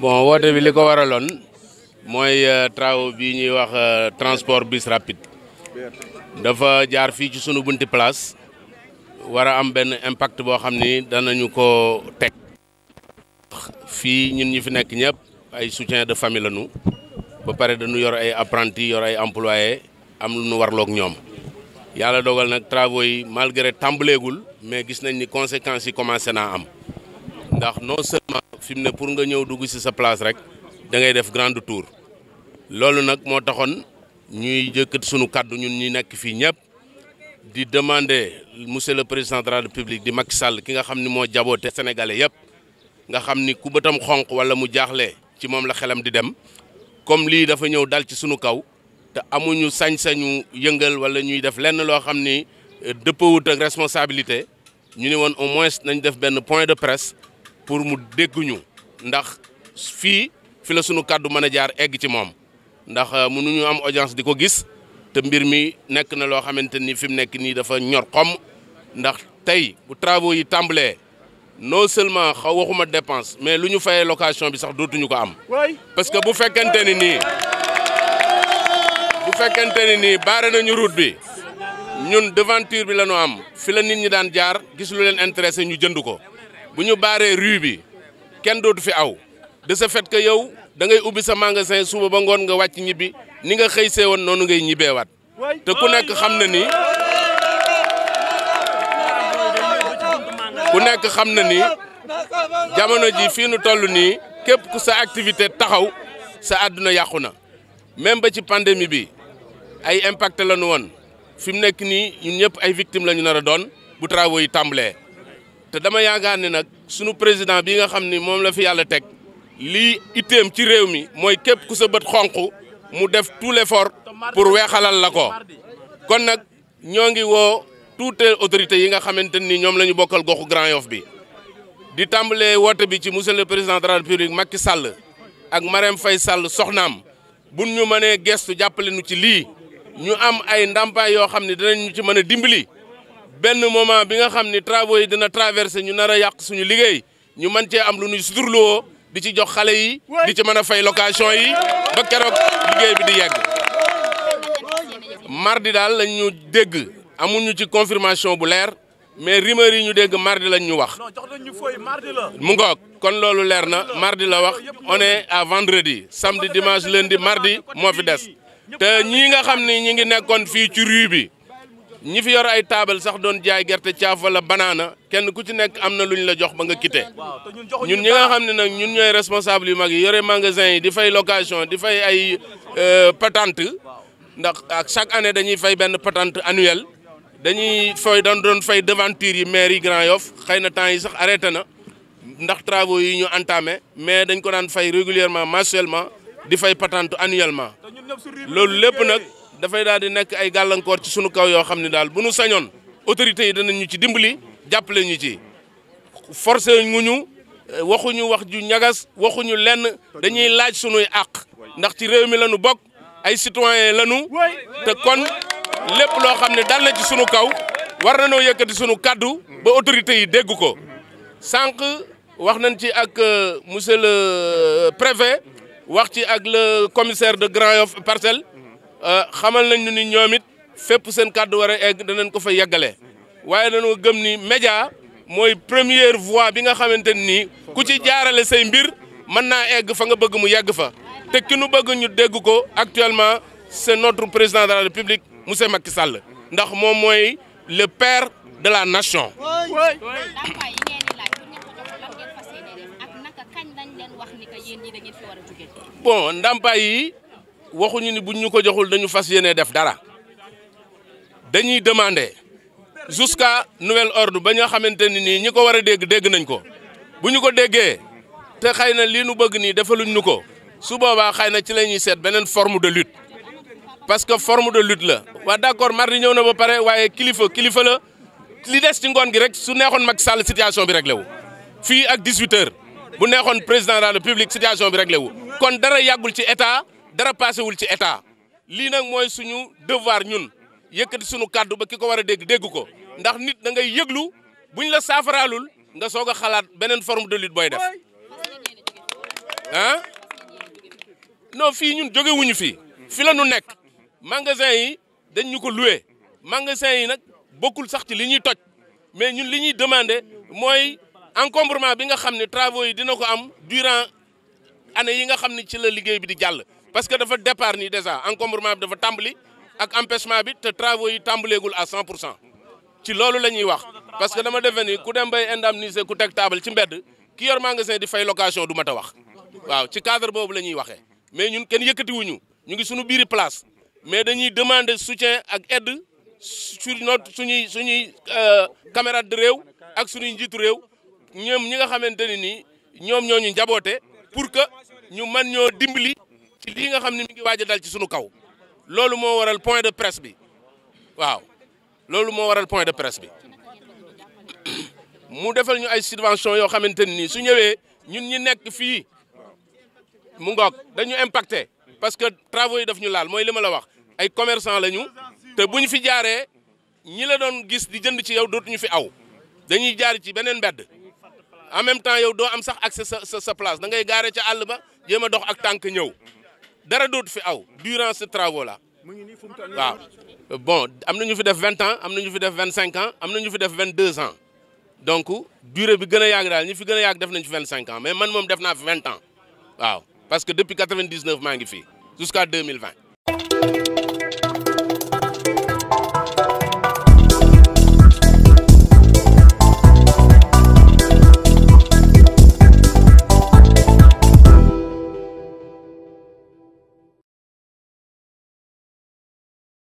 bon woote bi li ko waraloon mooy euh, travaux bi ñuy wax euh, transport bus rapide dafa jaar fii ci sunu bunti place war a am benn impact boo xam ni danañu ko teg fii ñun ñu fi nekk ñëpp ay soutien de famille lañu ba pare dañu yor ay apprentis yor ay employés am lu ñu warloog ñoom yàlla dogal nag travaux yi malgré tàmbaleegul mais gis nañ ni conséquence yi commencé naa am ndax non seulement fi ne pour nga ñëw dugg si sa place rek da ngay def grande tour loolu nag moo taxoon ñuy jëkkat sunu kàddu ñun ñi nekk fii ñëpp di demander monsieur le président de la république di Macky Sall ki nga xam ni moo jaboote sénégalais yëpp nga xam ni ku bëtam xonq wala mu jaaxle ci moom la xelam di dem comme lii dafa ñëw dal ci sunu kaw te amuñu sañ-sañu yëngal wala ñuy def lenn loo xam ni dëppawut ak responsabilité ñu ne woon au moins nañ def benn point de presse pour mu dégguñu ndax fii fi la sunu kàddu mën a jaar egg ci moom ndax euh, mënuñu am audience di ko gis te mbir mi nekk na loo xamante ni fi mu nekk nii dafa ñor xom ndax tey bu travaux yi tàmbalee non seulement xaw waxuma dépense mais lu ñu fayee location bi sax dootuñu ko am parce que bu fekkente ni nii bu fekkente ni nii baare nañu route bi ñun devanture bi la ñu am fi la nit ñi daan jaar gis lu leen intéressé ñu jënd ko bu ñu baaree rue bi kenn dootu fi aw de ce fait que yow dangay ubbi sa magasin suba ba ngoon nga wàcc ñibbi ni nga xëy see woon noonu ngay ñibbeewaat te ku nekk xam na ni ku nekk xam na ni jamono ji fii nu toll nii képp ku sa activité taxaw sa àdduna yàqu na même ba ci pandémie bi ay impact la woon fi mu nekk nii ñun ñëpp ay victimes la ñu nar a doon bu travaux yi tàmbalee. te dama yaakaar ni nag sunu président bi nga xam ni moom la fi yàlla teg lii itteem ci réew mi mooy képp ku sa bët xonq mu def tout l'effort pour weexalal la ko kon nag ñoo ngi woo toutes les autorités yi nga xamante ni ñoom la ñu bokkal goxu Grand Yoff bi di tàmbalee woote bi ci monsieur le président de la république Macky sàll ak Marème fay sàll soxnaam buñ ñu mënee gestu jàppale nu ci lii ñu am ay ndàmpaay yoo xam ne dinañ ñu ci mën a dimbali benn moment bi nga xam ni travaux yi dina traversé ñu nar a yàq suñu liggéey ñu man cee am lu nu ñuy suturloo di ci jox xale yi di ci mën a fay location yi ba keroog liggéey bi di yegg mardi daal lañ ñu dégg amuñu ci confirmation bu leer mais rumeur yi ñu dégg mardi lañ ñu wax mu ngoog kon loolu leer na mardi la wax on est à vendredi samedi dimanche lundi mardi moo fi des te ñii nga xam ni ñi ngi nekkoon fii ci rue bi ñi fi yor ay taabal sax doon jaay gerte caaf wala banaana kenn ku ci nekk am na lu ñu la jox ba nga quitté ñun ñi nga xam ne nag ñun ñooy responsable yu mag yi yore magasin yi di fay location di fay ay euh, patant ndax ak chaque année dañuy fay benn patente annuelle dañuy fay dañ doon fay devanture yi maire yi xëy na temps yi sax arrêté na ndax travaux yi ñu entamé mais dañ ko daan fay régulièrement mensuellement di fay patente annuellement loolu lépp nag dafay daal di nekk ay gàllankoor ci sunu kaw yoo xam ne daal bu nu sañoon autorités yi danañ ñu ci dimbali jàppale ñu ci forcé nguñu eh, waxuñu wax ju ñagas waxuñu lenn dañuy laaj sunuy àq ndax ci réew mi la ñu bokk ay citoyen la ñu te kon lépp loo xam ne dal na ci sunu kaw war na noo yëkkati sunu kaddu ba autorités yi dégg ko sànq wax nañ ci ak euh, monsieur le euh, préfet wax ci ak le commissaire de Grand Yoff Parcelles Euh, xamal nañ ñu ni ñoom it fépp seen kàddu war a egg danañ ko fa yeggale waaye dañoo gëm ni média mooy première voie bi nga xamante ni ku ci jaarale say mbir mën naa egg fa nga bëgg mu yegg fa te ki nu bëgg ñu dégg ko actuellement seen notre président de la République monsieur Macky Sall ndax moom mooy le père de la nation. bon ndàmpaay yi waxuñu ni buñ ñu ko joxul dañu fas yenee def dara dañuy demander jusqu'à nouvel ordre ba nga xamante ni nii ñi ko war a dégg dégg nañ ko bu ñu ko déggee te xëy na lii nu bëgg nii defaluñ ñu ko su boobaa xëy na ci la ñuy seet beneen forme de lutte parce que forme de lutte la waa d'accord mardi ñëw na ba pare waaye kilifa kilifa la li des ci ngoon gi rek su neexoon mag Sall situation bi réglé wu fii ak 18 bu neexoon président de la République situation bi réglé dara paasewul ci état lii nag mooy suñu devoir ñun yëkkati suñu kàddu ba ki ko war a dégg dégg ko ndax nit da ngay yëglu buñ la saafaraalul nga soog a xalaat beneen forme de lutte booy def ah non fii ñun jóge fi fi la ñu nekk magasin yi dañ ñu ko loué magasin yi nag bokkul sax ci li ñuy toj mais ñun li ñuy demandé mooy encombrement bi nga xam ne travaux yi dina ko am durant année yi nga xam ne ci la liggéey bi di jàll parce que dafa départ nii déjà encombrement bi dafa tàmbali ak empêchement bi te travaux yi tàmbaleegul à 100 pour cent ci loolu la ñuy wax parce que dama defe ku dem bay indemniser ku teg table ci mbedd ki yor magasin di fay location du mat wax waaw ci cadre boobu la ñuy waxee mais ñun kenn yëkkatiwuñu ñu ngi suñu biiri place mais dañuy demander soutien ak ed sur notre suñuy suñuy euh, camarade de réew ak suñuy njiitu réew ñoom ñi nga xamante ne nii ñoom ñoo ñu njaboote pour que ñu man ñoo dimbali. ci lii nga xam ne mi ngi waaj a dal ci sunu kaw loolu moo waral point de presse bi waaw loolu moo waral point de presse bi mu defal ñu ay subvention yoo xamante ni su ñëwee ñun ñi nekk fii mu ngoog dañu impacté parce que travaux yi daf ñu laal mooy li ma la wax ay commerçant lañu te bu ñu fi jaaree ñi la doon gis di jënd ci yow dootuñu fi aw dañuy jaar ci beneen mbedd en même temps yow doo am sax accès sa sa place da ngay gaare ca àll ba jéem a dox ak tànk ñëw dara dootu fi aw durant ces travaux là waaw bon am na ñu fi def vingt ans am na ñu fi def vingt cinq ans am na ñu fi def vingt deux ans donc durée bi gën a daal ñi fi gën a yàgg def nañ fi vingt cinq ans mais man moom def naa fi vingt ans waaw parce que depuis maa ngi fii jusqu'à deux